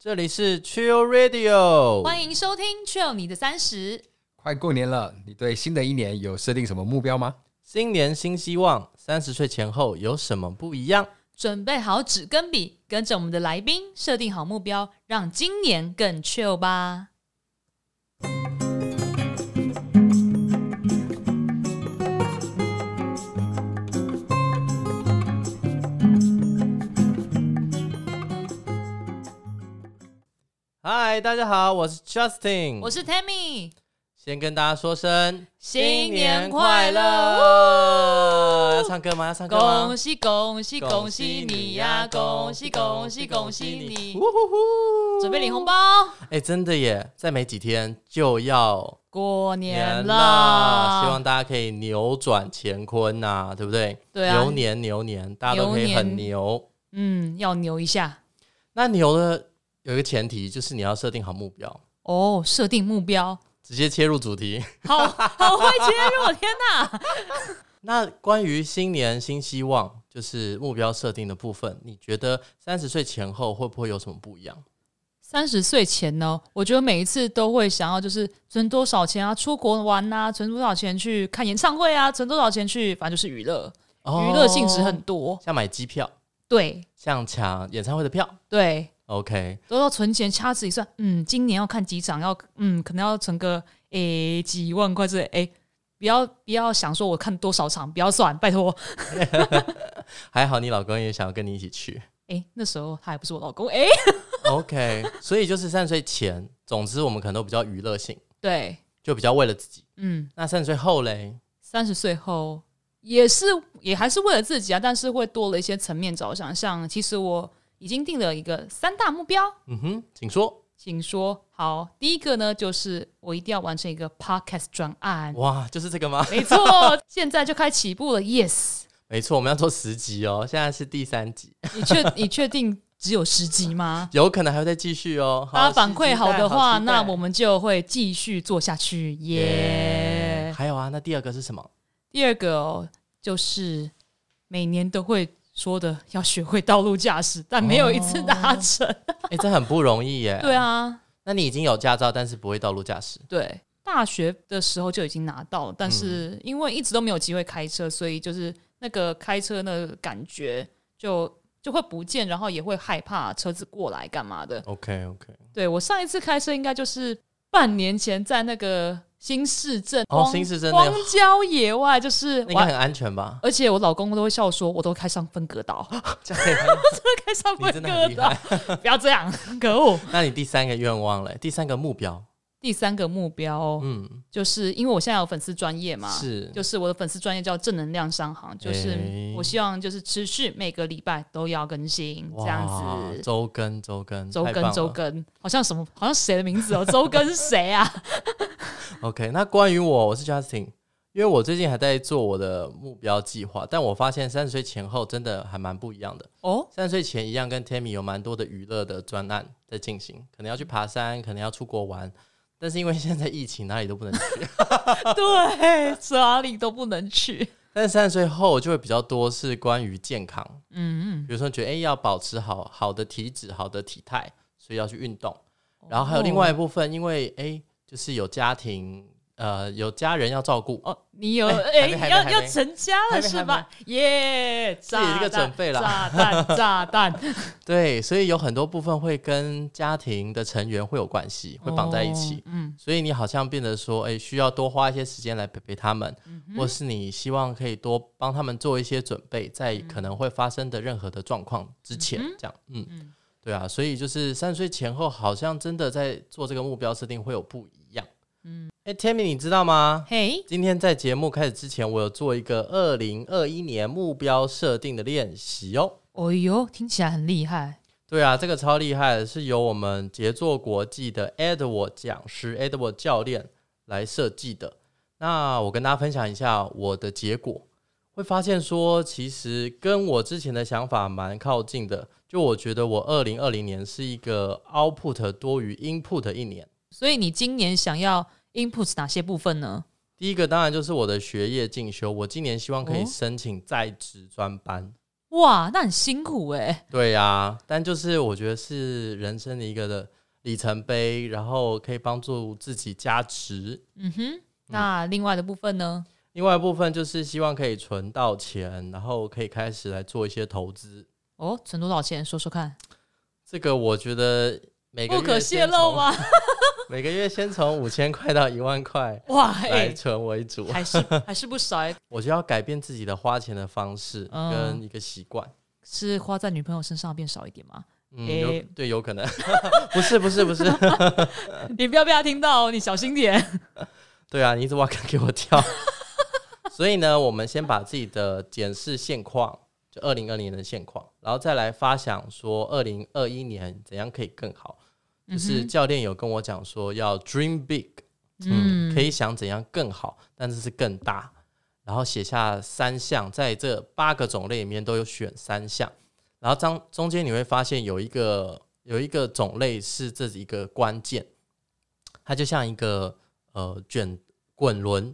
這裡是 Chill Radio，歡迎收聽 Chill 你的三十。快過年了，你對新的一年有設定什麼目標嗎？新年新希望，三十歲前後有什麼不一樣？準備好紙跟筆，跟着我們的來賓設定好目標，讓今年更 Chill 吧。嗨，大家好，我是 Justin，我是 Tammy，先跟大家說聲新年快樂！要唱歌嗎？要唱歌！恭喜恭喜恭喜你呀、啊！恭喜恭喜恭喜，恭喜你！嗚呼呼準備領紅包！哎、欸，真的耶，再沒幾天就要年過年了，希望大家可以扭轉乾坤吶、啊，對不對？對啊、牛年牛年，大家都可以很牛。牛嗯，要牛一下。那牛的。有一個前提，就是你要設定好目標哦。設、oh, 定目標，直接切入主題，好好會切入。天哪！ 那關於新年新希望，就是目標設定的部分，你覺得三十歲前後會不會有什麼不一樣？三十歲前呢，我覺得每一次都會想要，就是存多少錢啊，出國玩吶、啊，存多少錢去看演唱會啊，存多少錢去，反正就是娛樂，娛樂性質很多，像買機票，對，像搶演唱會的票，對。OK，都要存錢掐指一算，嗯，今年要看幾場，要嗯，可能要存個誒、欸、幾萬塊是誒，不要不要想說我看多少場，不要算，拜托。 還好你老公也想要跟你一起去，誒、欸，那時候他還不是我老公，誒，OK，所以就是三十歲前，總之我們可能都比較娛樂性，對，就比較為了自己，嗯，那三十歲後嘞，三十歲後也是也還是為了自己啊，但是會多了一些層面着想像，像其實我。已經定了一個三大目標。嗯哼，請說，請說。好，第一個呢，就是我一定要完成一個 podcast 專案。哇，就是這個嗎？沒錯， 現在就開始起步了。Yes，沒錯，我們要做十集哦，現在是第三集。 你確你確定只有十集嗎？ 有可能還會再繼續哦。大家、啊、反饋好的話好，那我們就會繼續做下去耶。耶，還有啊，那第二個是什麼？第二個、哦、就是每年都會。說的要學會道路駕駛，但沒有一次達成。哎、哦欸，這很不容易耶。對啊，那你已經有駕照，但是不會道路駕駛。對，大學的時候就已經拿到了，但是因為一直都沒有機會開車，所以就是那個開車的感覺就就會不見，然後也會害怕車子過來幹嘛的。OK OK，對，我上一次開車應該就是半年前在那個。新市鎮，哦，新市鎮、那個，荒郊野外就是我應該很安全吧？而且我老公都會笑說，我都開上分隔島，這樣 我真的開上分隔島，不要這樣，可惡！ 那你第三個願望嘞？第三個目標？第三個目標，嗯，就是因為我現在有粉絲專業嘛，是，就是我的粉絲專業叫正能量商行、欸，就是我希望就是持續每個禮拜都要更新這樣子，週更週更週更週更，好像什麼好像誰的名字哦、喔？週更是誰啊？ OK，那關於我，我是 Justin，因為我最近還在做我的目標計劃，但我發現三十歲前後真的還蠻不一樣的哦。三十歲前一樣跟 Tammy 有蠻多的娛樂的專案在進行，可能要去爬山，可能要出國玩，但是因為現在疫情，哪裡都不能去。 對，哪裡都不能去。 但三十歲後就會比較多是關於健康，嗯嗯，比如說覺得誒、欸、要保持好好的體脂、好的體態，所以要去運動。然後還有另外一部分，Oh. 因為哎。欸就是有家庭，呃，有家人要照顧哦。你有哎，欸欸、你要要成家了是吧？耶、yeah，一個準備了，炸彈，炸彈， 對，所以有很多部分會跟家庭的成員會有關係，會綁在一起、哦。嗯，所以你好像變得說，哎、欸，需要多花一些時間來陪陪他們、嗯，或是你希望可以多幫他們做一些準備，在可能會發生的任何的狀況之前、嗯，這樣，嗯嗯，對啊，所以就是三十歲前後，好像真的在做這個目標設定會有不一。嗯，hey, 誒 Timmy 你知道嗎？嘿、hey?，今天在節目開始之前，我有做一個二零二一年目標設定的練習哦。哦喲，聽起來很厲害。對啊，這個超厲害，是由我們傑作國際的 Edward 講師、Edward 教練來設計的。那我跟大家分享一下我的結果，會發現說，其實跟我之前的想法蠻靠近的。就我覺得，我二零二零年是一個 Output 多於 Input 的一年。所以你今年想要 input 哪些部分呢？第一個當然就是我的學業進修，我今年希望可以申請在職專班。哦。哇，那很辛苦誒、欸。對呀、啊，但就是我覺得是人生的一個的里程碑，然後可以幫助自己加值。嗯哼，那另外的部分呢？嗯、另外的部分就是希望可以存到錢，然後可以開始來做一些投資。哦，存多少錢？說說看。這個我覺得。不可洩露嗎？ 每個月先從五千塊到一萬塊，哇，還存為主、欸、 還是還是不少、欸。我就要改變自己的花錢的方式跟一個習慣、嗯，是花在女朋友身上變少一點嗎？哎、嗯欸，對，有可能，不是不是不是，不是不是 你不要被他聽到、哦，你小心點。對啊，你一直挖坑給我跳？ 所以呢，我們先把自己的檢視現況，就二零二零年的現況，然後再來發想說二零二一年怎樣可以更好。就是教練有跟我講說，要 dream big，嗯，嗯,可以想怎樣更好，但是，是更大。然後寫下三項，在這八個種類裡面都有選三項。然後中中間你會發現有一個有一個種類是這一個關鍵，它就像一個呃卷滾輪，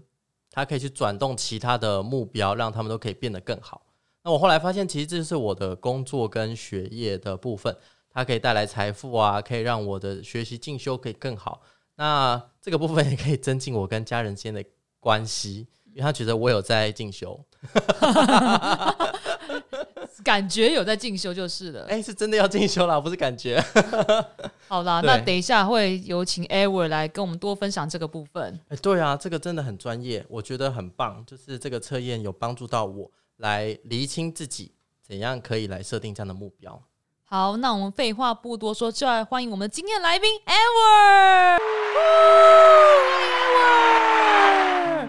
它可以去轉動其他的目標，讓他們都可以變得更好。那我後來發現，其實這就是我的工作跟學業的部分。它可以帶來財富啊，可以讓我的學習進修可以更好。那這個部分也可以增進我跟家人之間的關係，因為他覺得我有在進修， 感覺有在進修就是了。哎、欸，是真的要進修啦，不是感覺。 好啦，那等一下會有請 Edward 來跟我們多分享這個部分。哎、欸，對啊，這個真的很專業，我覺得很棒。就是這個測驗有幫助到我來釐清自己怎樣可以來設定這樣的目標。好，那我們廢話不多說，就來歡迎我們的今天的來賓 Edward。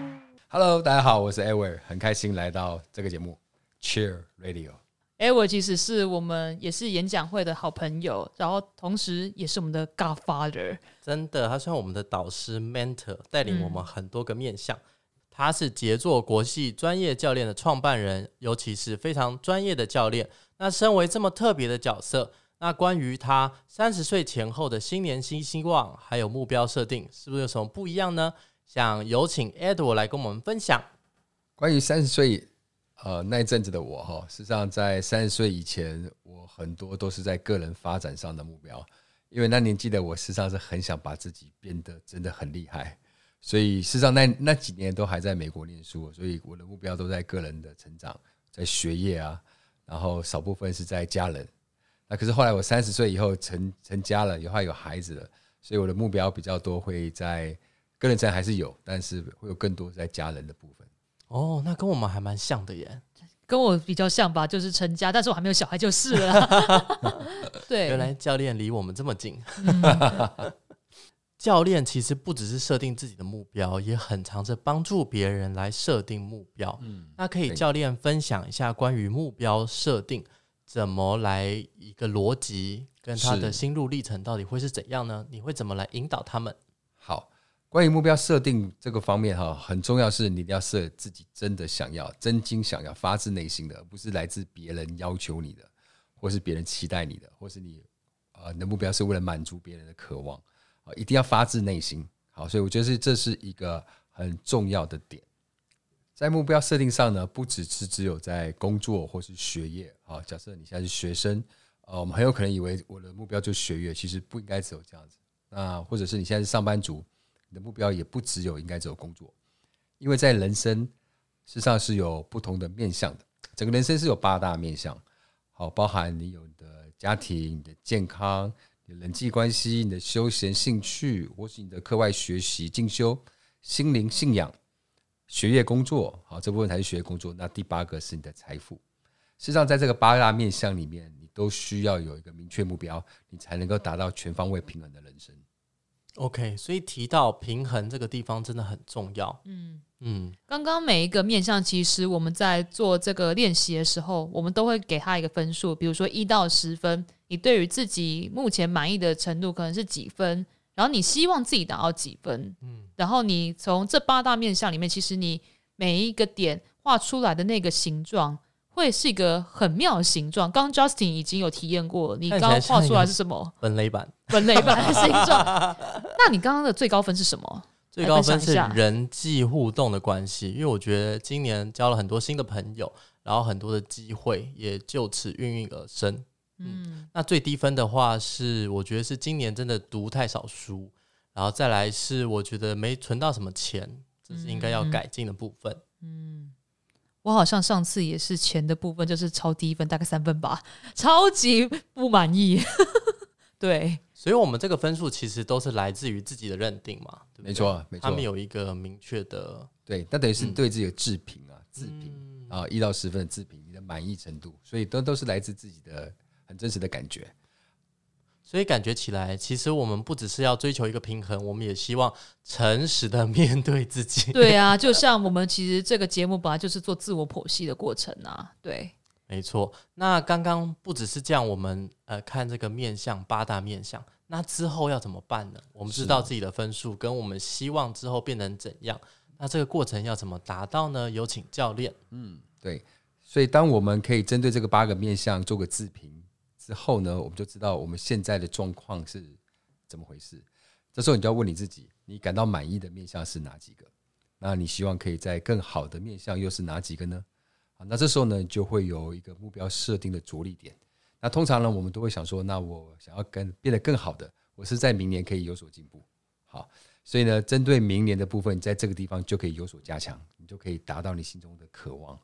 歡 Edward。Hello，大家好，我是 Edward，很開心來到這個節目 Cheer Radio。Edward 其實是我們也是演講會的好朋友，然後同時也是我們的 Godfather。真的，他算我們的導師 Mentor，帶領我們很多個面向。嗯他是傑作國際專業教練的創辦人，尤其是非常專業的教練。那身為這麼特別的角色，那關於他三十歲前後的新年新希望，還有目標設定，是不是有什麼不一樣呢？想有請 Edward 來跟我們分享關於三十歲呃那一陣子的我哈。實際上，在三十歲以前，我很多都是在個人發展上的目標，因為那年紀的我，實際上是很想把自己變得真的很厲害。所以，事實上那，那那幾年都還在美國念書，所以我的目標都在個人的成長、在學業啊，然後少部分是在家人。那可是後來我三十歲以後成成家了，以後有孩子了，所以我的目標比較多會在個人才還是有，但是會有更多在家人的部分。哦，那跟我們還蠻像的耶，跟我比較像吧，就是成家，但是我還沒有小孩就是了。 對，原來教練離我們這麼近。 嗯教練其實不只是設定自己的目標，也很常是幫助別人來設定目標，嗯。那可以教練分享一下關於目標設定，嗯、怎麼來一個邏輯，跟他的心路歷程到底會是怎樣呢？你會怎麼來引導他們？好，關於目標設定這個方面哈，很重要是你要設自己真的想要、真心想要、發自內心的，而不是來自別人要求你的，或是別人期待你的，或是你呃你的目標是為了滿足別人的渴望。一定要發自內心。好，所以我覺得是這是一個很重要的點，在目標設定上呢，不只是只有在工作或是學業。啊，假設你現在是學生，呃，我們很有可能以為我的目標就是學業，其實不應該只有這樣子。那或者是你現在是上班族，你的目標也不只有應該只有工作，因為在人生事實上是有不同的面向的，整個人生是有八大面向。好，包含你有你的家庭、你的健康。人際關係、你的休閒興趣，或是你的課外學習進修、心靈信仰、學業工作，好，這部分才是學業工作。那第八個是你的財富。事實上，在這個八大面向裡面，你都需要有一個明確目標，你才能夠達到全方位平衡的人生。OK，所以提到平衡這個地方，真的很重要。嗯嗯，剛剛每一個面向，其實我們在做這個練習的時候，我們都會給他一個分數，比如說一到十分。你對於自己目前滿意的程度可能是幾分？然後你希望自己達到幾分？嗯，然後你從這八大面向裡面，其實你每一個點畫出來的那個形狀，會是一個很妙的形狀。剛，剛 Justin 已經有體驗過，你剛，剛畫出來是什麼？本壘板，本壘板的形狀。 那你剛剛的最高分是什麼？ 最高分是人際互動的關係，因為我覺得今年交了很多新的朋友，然後很多的機會也就此應運而生。嗯，那最低分的話是，我覺得是今年真的讀太少書，然後再來是我覺得沒存到什麼錢，嗯、這是應該要改進的部分。嗯，我好像上次也是錢的部分，就是超低分，大概三分吧，超級不滿意。 對，所以我們這個分數其實都是來自於自己的認定嘛，沒錯，沒錯，他們有一個明確的對，那等於是對自己的自評啊，嗯、自評啊，一到十分的自評，你的滿意程度，所以都都是來自自己的。很真實的感覺，所以感覺起來，其實我們不只是要追求一個平衡，我們也希望誠實的面對自己。對啊，就像我們其實這個節目本來就是做自我剖析的過程啊。對，沒錯。那剛剛不只是這樣，我們呃看這個面向八大面向，那之後要怎麼辦呢？我們知道自己的分數跟我們希望之後變成怎樣，那這個過程要怎麼達到呢？有請教練。嗯，對。所以當我們可以針對這個八個面向做個自評。之後呢，我們就知道我們現在的狀況是怎麼回事。這時候你就要問你自己：你感到滿意的面向是哪幾個？那你希望可以在更好的面向又是哪幾個呢？好，那這時候呢，就會有一個目標設定的着力點。那通常呢，我們都會想說：那我想要跟變得更好的，我是在明年可以有所進步。好，所以呢，針對明年的部分，在這個地方就可以有所加強，你就可以達到你心中的渴望。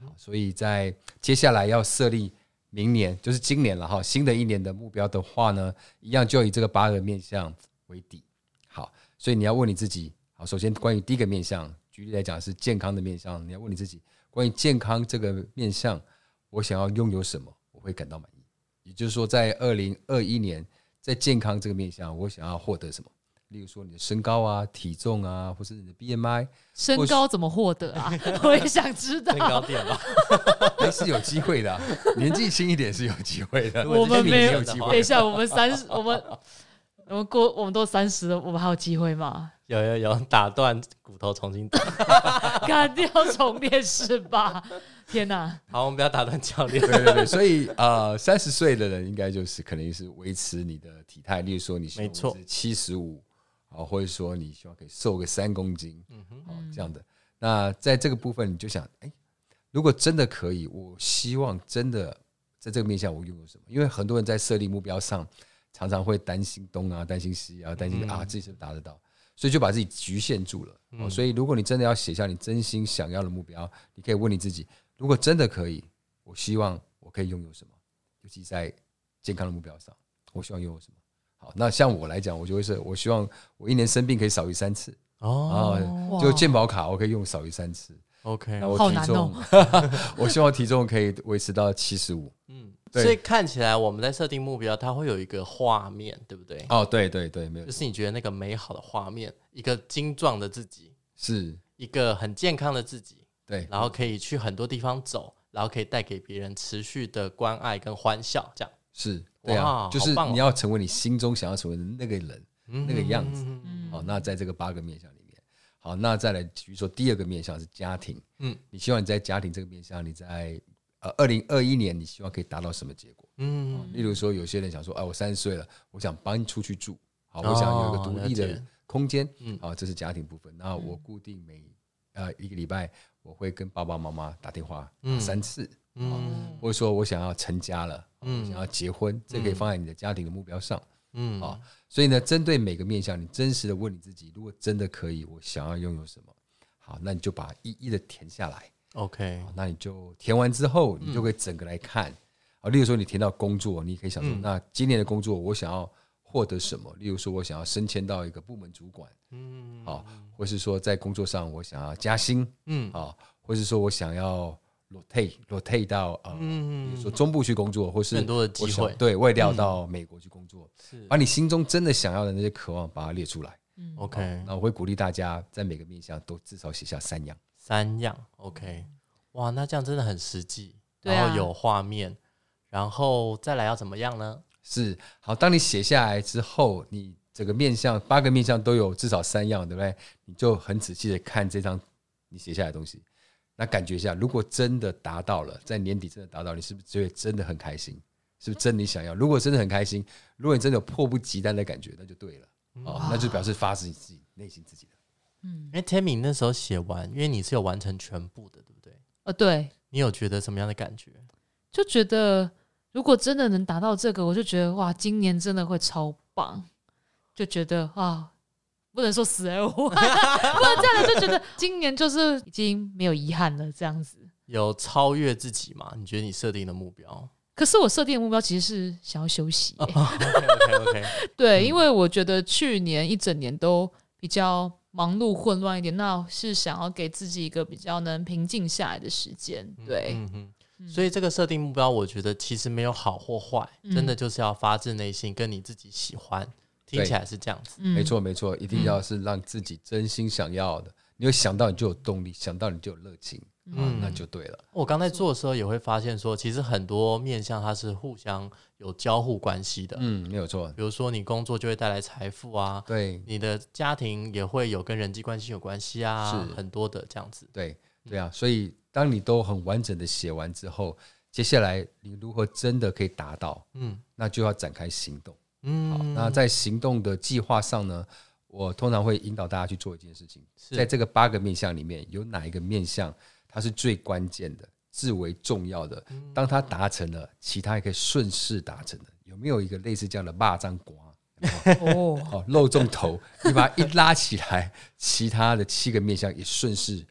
好，所以在接下來要設立。明年就是今年了哈，新的一年的目標的話呢，一樣就以這個八個面向為底。好，所以你要問你自己，好，首先關於第一個面向，舉例來講是健康的面向，你要問你自己，關於健康這個面向，我想要擁有什麼，我會感到滿意。也就是說，在二零二一年，在健康這個面向，我想要獲得什麼？例如說你的身高啊、體重啊，或者你的 BMI，身高怎麼獲得啊？ 我也想知道。身高變啦 欸，那是有機會的、啊。年紀輕一點是有機會， 會的。我們沒有，等一下，我們三十，我們 我們過，我們都三十了，我們還有機會嗎？有有有，打斷骨頭重新打斷，砍 掉重練是吧？天哪！好，我們不要打斷教練。 所以啊，三十歲的人應該就是可能是維持你的體態。 例如說你是，你沒錯，七十五。哦，或者說你希望可以瘦個三公斤，嗯哼，哦，這樣的。那在這個部分，你就想，哎、欸，如果真的可以，我希望真的在這個面向，我擁有什麼？因為很多人在設立目標上，常常會擔心東啊，擔心西啊，擔心啊，自己是不是達得到，嗯、所以就把自己局限住了。嗯、所以，如果你真的要寫下你真心想要的目標，你可以問你自己：如果真的可以，我希望我可以擁有什麼？尤其是在健康的目標上，我希望擁有什麼？好，那像我來講，我就會是我希望我一年生病可以少於三次哦，就健保卡我可以用少於三次，OK、哦。好難弄、哦， 我希望體重可以維持到七十五。嗯，所以看起來我們在設定目標，它會有一個畫面，對不對？哦，對對對，沒有，就是你覺得那個美好的畫面，一個精壯的自己，是一個很健康的自己，對，然後可以去很多地方走，然後可以帶給別人持續的關愛跟歡笑，這樣。是對啊，就是你要成為你心中想要成為的那個人，哦、那個樣子、嗯。好，那在這個八個面向裡面，好，那再來比如說第二個面向是家庭。嗯，你希望你在家庭這個面向，你在呃二零二一年，你希望可以達到什麼結果？嗯，例如說有些人想說，哎、呃，我三十歲了，我想搬出去住，好，我想有一個獨立的空間。嗯、哦，好、啊，這是家庭部分。那我固定每、嗯、呃一個禮拜，我會跟爸爸媽媽打電話三次。嗯嗯嗯，或者說，我想要成家了，嗯，想要結婚，這個、可以放在你的家庭的目標上，嗯，啊、哦，所以呢，針對每個面向，你真實的問你自己，如果真的可以，我想要擁有什麼？好，那你就把一一的填下來，OK，、哦、那你就填完之後，你就可以整個來看，啊、嗯，例如說，你填到工作，你可以想說，嗯、那今年的工作，我想要獲得什麼？例如說，我想要升遷到一個部門主管，嗯，好、哦，或者是說，在工作上，我想要加薪，嗯，啊、哦，或者是說我想要，裸退，裸退到嗯，比如說中部去工作，嗯、或是更多的機會，對，外調到美國去工作、嗯，是。把你心中真的想要的那些渴望，把它列出來。嗯，OK。那我會鼓勵大家，在每個面向都至少寫下三樣。三樣，OK。哇，那這樣真的很實際，嗯、然後有畫面、啊，然後再來要怎麼樣呢？是，好。當你寫下來之後，你整個面向八個面向都有至少三樣，對不對？你就很仔細的看這張你寫下來的東西。那感覺一下，如果真的達到了，在年底真的達到了，你是不是覺得真的很開心？是不是真的你想要？如果真的很開心，如果你真的有迫不及待的感覺，那就對了、嗯、哦，那就表示發自你自己內心自己的。嗯，哎，天明，那時候寫完，因為你是有完成全部的，對不對？啊、呃，對。你有覺得什麼樣的感覺？就覺得如果真的能達到這個，我就覺得哇，今年真的會超棒，就覺得啊。哇 不能說死而無憾，不能這樣子就覺得今年就是已經沒有遺憾了，這樣子有超越自己嗎？你覺得你設定的目標？可是我設定的目標其實是想要休息。Oh, OK OK OK 對。對、嗯，因為我覺得去年一整年都比較忙碌混亂一點，那是想要給自己一個比較能平靜下來的時間。對，嗯嗯，嗯。所以這個設定目標，我覺得其實沒有好或壞、嗯，真的就是要發自內心，跟你自己喜歡。聽起來是這樣子，沒錯沒錯，一定要是讓自己真心想要的，嗯、你會想到你就有動力，想到你就有熱情、嗯、啊，那就對了。我剛才做的時候也會發現說，說其實很多面向它是互相有交互關係的。嗯，沒有錯。比如說你工作就會帶來財富啊，對，你的家庭也會有跟人際關係有關係啊，是，很多的這樣子。對對啊，所以當你都很完整的寫完之後，接下來你如何真的可以達到，嗯，那就要展開行動。嗯好，那在行動的計劃上呢，我通常會引導大家去做一件事情。在這個八個面向裡面，有哪一個面向它是最關鍵的、至為重要的？當它達成了，其他也可以順勢達成的。有沒有一個類似這樣的“螞蚱瓜”？哦，好漏重頭，你把它一拉起來， 其他的七個面向也順勢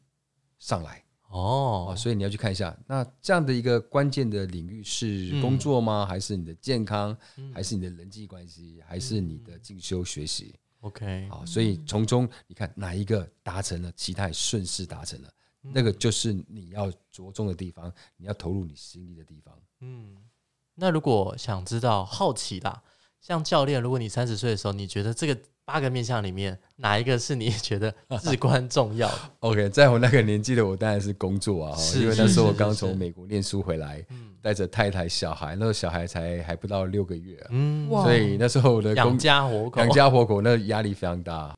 上來。哦、oh，所以你要去看一下。那這樣的一個關鍵的領域是工作嗎？嗯、還是你的健康？嗯、還是你的人際關係、嗯？還是你的進修學習？OK，好，所以從中你看哪一個達成了，其他順勢達成了、嗯，那個就是你要着重的地方，你要投入你心力的地方。嗯，那如果想知道、好奇吧，像教練，如果你三十歲的時候，你覺得這個？八個面相裡面，哪一個是你覺得至關重要的 ？OK，在我那個年紀的我，當然是工作啊， 因為那時候我剛從美國念書回來，帶着、嗯、太太小孩，那時、個、候小孩才還不到六個月、啊，嗯哇，所以那時候我的養家活口，養家活口，那壓力非常大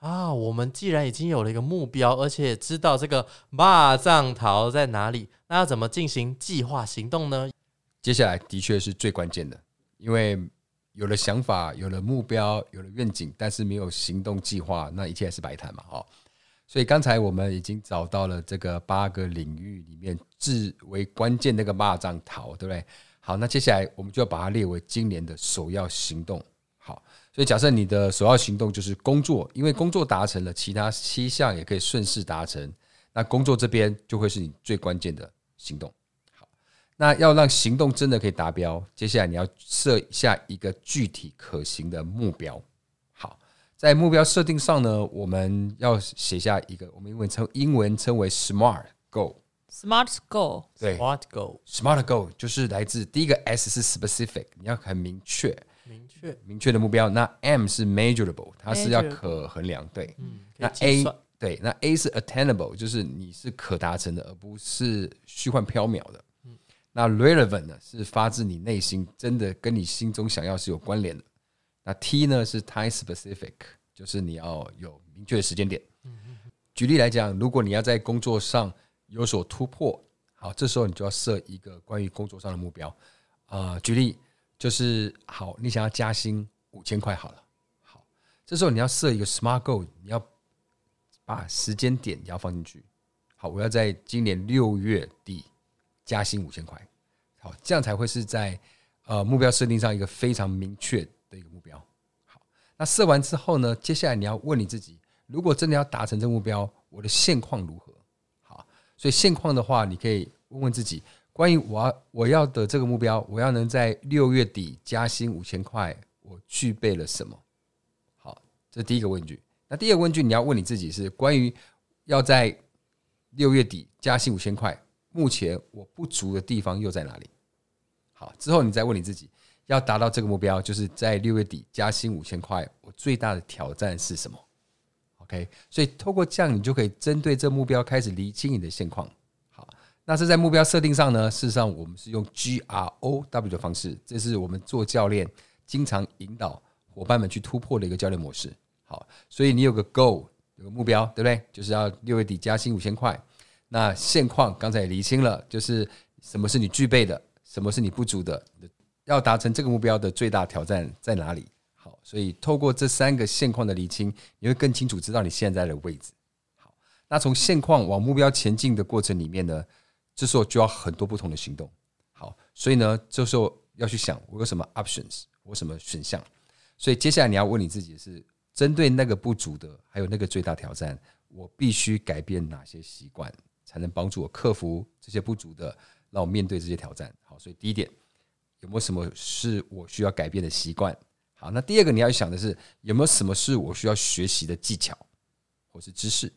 啊。我們既然已經有了一個目標，而且知道這個馬藏桃在哪裡，那要怎麼進行計劃行動呢？接下來的確是最關鍵的，因為。有了想法，有了目標，有了願景，但是沒有行動計劃，那一切還是白談嘛，哈。所以剛才我們已經找到了這個八個領域裡面至為關鍵那個螞蚱逃，對不對？好，那接下來我們就要把它列為今年的首要行動。好，所以假設你的首要行動就是工作，因為工作達成了，其他七項也可以順勢達成。那工作這邊就會是你最關鍵的行動。那要讓行動真的可以達標，接下來你要設下一個具體可行的目標。好，在目標設定上呢，我們要寫下一個，我們英文稱英文稱為 SMART goal，SMART goal，SMART goal，對，SMART goal，SMART goal 就是來自第一個 S 是 specific，你要很明確，明確，明確的目標。那 M 是 measurable，它是要可衡量，對，嗯，那 A 對，那 A 是 attainable，就是你是可達成的，而不是虛幻縹緲的。那 relevant 呢，是發自你內心，真的跟你心中想要是有關聯的。那 T 呢是 time specific，就是你要有明確的時間點。舉例來講，如果你要在工作上有所突破，好，這時候你就要設一個關於工作上的目標。呃，舉例就是好，你想要加薪五千塊，好了，好，這時候你要設一個 smart goal，你要把時間點你要放進去。好，我要在今年六月底。加薪五千塊，好，這樣才會是在，呃，目標設定上一個非常明確的一個目標。好，那設完之後呢，接下來你要問你自己，如果真的要達成這個目標，我的現況如何？好，所以現況的話，你可以問問自己，關於我要我要的這個目標，我要能在六月底加薪五千塊，我具備了什麼？好，這是第一個問句。那第二個問句，你要問你自己是關於要在六月底加薪五千塊。目前我不足的地方又在哪裡？好，之後你再問你自己，要達到這個目標，就是在六月底加薪五千塊，我最大的挑戰是什麼？OK，所以透過這樣，你就可以針對這個目標開始釐清你的現況。好，那是在目標設定上呢？事實上，我們是用 GROW 的方式，這是我們做教練經常引導夥伴們去突破的一個教練模式。好，所以你有個 Goal，有個目標，對不對？就是要六月底加薪五千塊。那現況剛才也理清了，就是什麼是你具備的，什麼是你不足的，要達成這個目標的最大挑戰在哪裡？好，所以透過這三個現況的理清，你會更清楚知道你現在的位置。好，那從現況往目標前進的過程裡面呢，這時候就要很多不同的行動。好，所以呢，這時候要去想我有什麼 options，我有什麼選項？所以接下來你要問你自己是針對那個不足的，還有那個最大挑戰，我必須改變哪些習慣？才能幫助我克服這些不足的，讓我面對這些挑戰。好，所以第一點，有沒有什麼是我需要改變的習慣？好，那第二個你要想的是，有沒有什麼是我需要學習的技巧或是知識？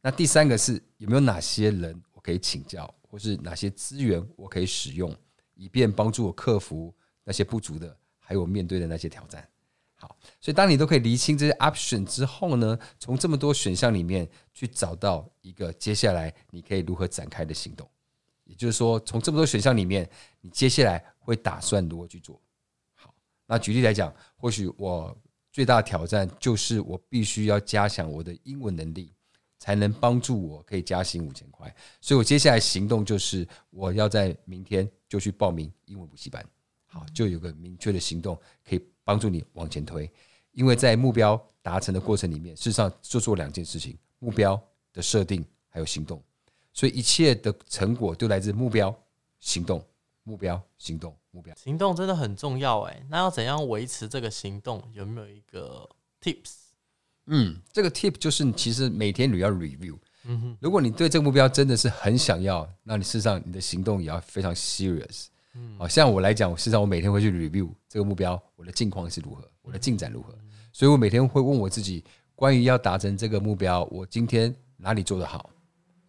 那第三個是有沒有哪些人我可以請教，或是哪些資源我可以使用，以便幫助我克服那些不足的，還有我面對的那些挑戰。好，所以當你都可以釐清這些 option 之後呢，從這麼多選項裡面去找到一個接下來你可以如何展開的行動，也就是說，從這麼多選項裡面，你接下來會打算如何去做？好，那舉例來講，或許我最大挑戰就是我必須要加強我的英文能力，才能幫助我可以加薪五千塊，所以我接下來行動就是我要在明天就去報名英文補習班，好，就有個明確的行動可以。幫助你往前推，因為在目標達成的過程裡面，事實上就做做兩件事情：目標的設定還有行動。所以一切的成果都來自目標、行動、目標、行動、目標、行動，真的很重要。哎，那要怎樣維持這個行動？有沒有一個 tips？嗯，這個 tip 就是，你其實每天你要 review。嗯哼，如果你對這個目標真的是很想要，那你事實上你的行動也要非常 serious。好像我來講，實際上我每天會去 review 這個目標，我的境況是如何，我的進展如何，所以我每天會問我自己，關於要達成這個目標，我今天哪裡做得好，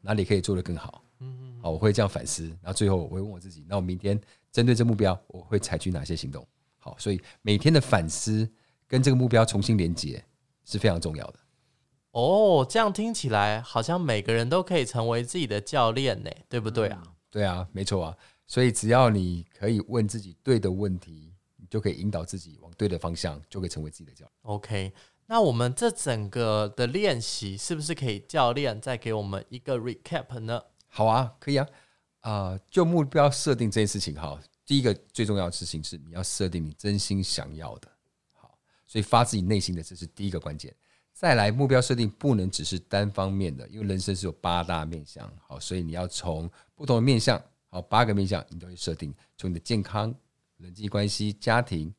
哪裡可以做得更好，嗯嗯，好，我會這樣反思，然後最後我會問我自己，那我明天針對這目標，我會採取哪些行動？好，所以每天的反思跟這個目標重新連接是非常重要的。哦，這樣聽起來好像每個人都可以成為自己的教練呢，對不對啊？嗯，對啊，沒錯啊。所以，只要你可以問自己對的問題，你就可以引導自己往對的方向，就可以成為自己的教練。OK，那我們這整個的練習是不是可以教練再給我們一個 recap 呢？好啊，可以啊。啊、呃，就目標設定這件事情，哈，第一個最重要的事情是你要設定你真心想要的。好，所以發自己內心的這是第一個關鍵。再來，目標設定不能只是單方面的，因為人生是有八大面向。好，所以你要從不同的面向。八個面向你都要去設定，從你的健康、人際關係、家庭、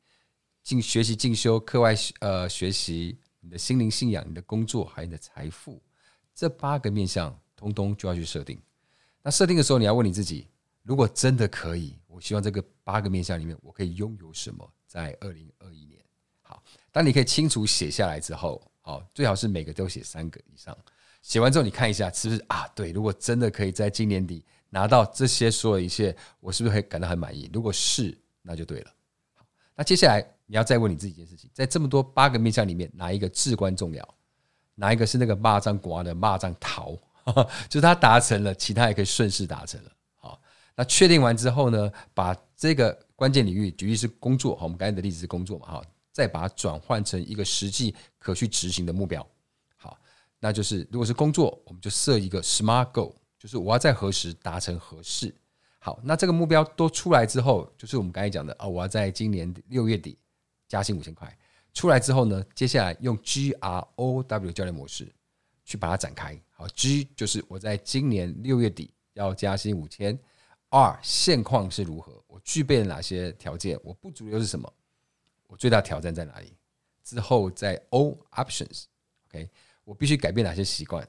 進學習進修、課外學呃學習、你的心靈信仰、你的工作還有你的財富，這八個面向通通就要去設定。那設定的時候，你要問你自己：如果真的可以，我希望這個八個面向裡面，我可以擁有什麼？在二零二一年，好，當你可以清楚寫下來之後，好，最好是每個都寫三個以上。寫完之後，你看一下是不是啊？對，如果真的可以在今年底。拿到這些所有一切，我是不是會感到很滿意？如果是，那就對了。好，那接下來你要再問你自己一件事情：在這麼多八個面向裡面，哪一個至關重要？哪一個是那個罵髒國啊的罵髒桃？ 就是他達成了，其他也可以順勢達成了。好，那確定完之後呢，把這個關鍵領域，舉例是工作，好，我們剛才的例子是工作嘛，好，再把它轉換成一個實際可去執行的目標。好，那就是如果是工作，我們就設一個 SMART goal 就是我要在何時達成何事，好，那這個目標都出來之後，就是我們剛才講的啊，我要在今年六月底加薪五千塊。出來之後呢，接下來用 GROW 教練模式去把它展開。好，G 就是我在今年六月底要加薪五千，R 現況是如何，我具備了哪些條件，我不足又是什麼，我最大挑戰在哪裡？之後在 O options，OK，okay，我必須改變哪些習慣？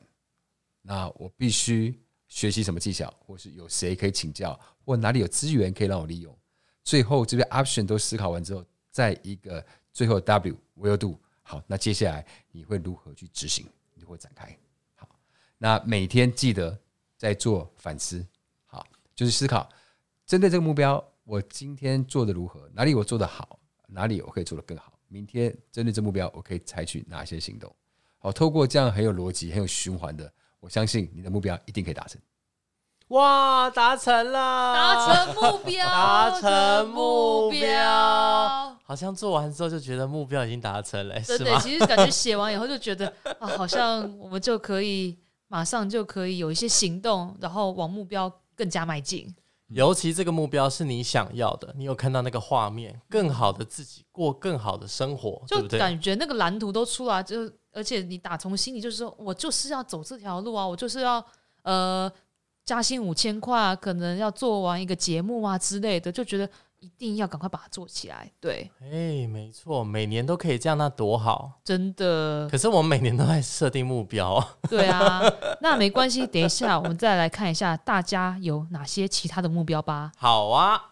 那我必須。學習什麼技巧，或是有誰可以請教，或哪裡有資源可以讓我利用。最後這邊 option 都思考完之後，再一個最後 W will do。好，那接下來你會如何去執行？你會展開？好，那每天記得在做反思。好，就是思考針對這個目標，我今天做的如何？哪裡我做得好？哪裡我可以做得更好？明天針對這目標，我可以採取哪些行動？好，透過這樣很有邏輯、很有循環的。我相信你的目標一定可以達成，哇！達成了，達成目標，達成目標，好像做完之後就覺得目標已經達成了，對對。其實感覺寫完以後就覺得 啊，好像我們就可以馬上就可以有一些行動，然後往目標更加邁進。尤其這個目標是你想要的，你有看到那個畫面，更好的自己過更好的生活，就感覺那個藍圖都出來，就而且你打從心裡就是說我就是要走這條路啊，我就是要呃加薪五千塊啊，可能要做完一個節目啊之類的，就覺得。一定要趕快把它做起來，對。哎，沒錯，每年都可以這樣，那多好！真的。可是我每年都在設定目標。對啊，那沒關係， 等一下我們再來看一下大家有哪些其他的目標吧。好啊。